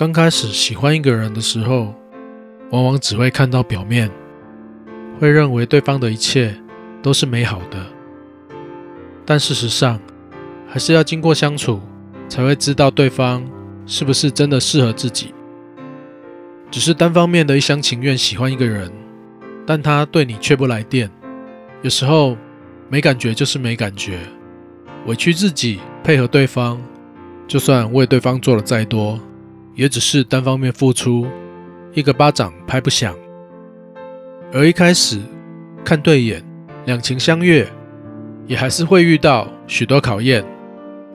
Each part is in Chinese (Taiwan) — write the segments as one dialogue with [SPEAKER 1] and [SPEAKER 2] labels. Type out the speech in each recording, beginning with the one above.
[SPEAKER 1] 剛開始喜歡一個人的時候，往往只會看到表面，會認為對方的一切都是美好的。但事實上，還是要經過相處，才會知道對方是不是真的適合自己。只是單方面的一廂情願喜歡一個人，但他對你卻不來電。有時候沒感覺就是沒感覺，委屈自己配合對方，就算為對方做了再多。也只是單方面付出，一個巴掌拍不響。而一開始看對眼，兩情相悅，也還是會遇到許多考驗。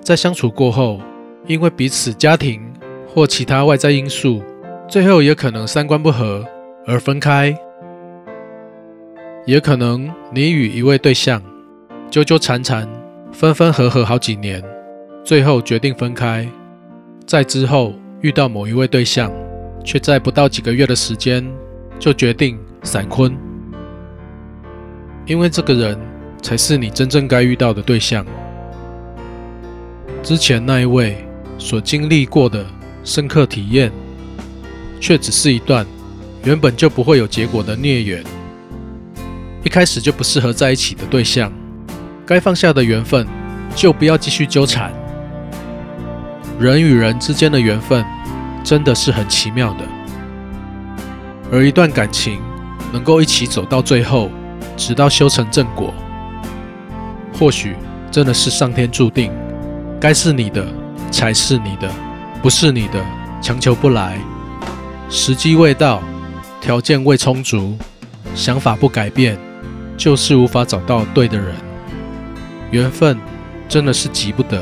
[SPEAKER 1] 在相處過後，因為彼此家庭或其他外在因素，最後也可能三觀不合而分開。也可能你與一位對象糾糾纏纏，分分合合好幾年，最後決定分開。在之後，遇到某一位對象，卻在不到幾個月的時間就決定閃婚，因為這個人才是你真正該遇到的對象。之前那一位所經歷過的深刻體驗，卻只是一段原本就不會有結果的孽緣，一開始就不適合在一起的對象，該放下的緣分就不要繼續糾纏。人與人之間的緣分。真的是很奇妙的，而一段感情能夠一起走到最後，直到修成正果，或許真的是上天註定。該是你的才是你的，不是你的強求不來。時機未到，條件未充足，想法不改變，就是無法找到對的人。緣分真的是急不得。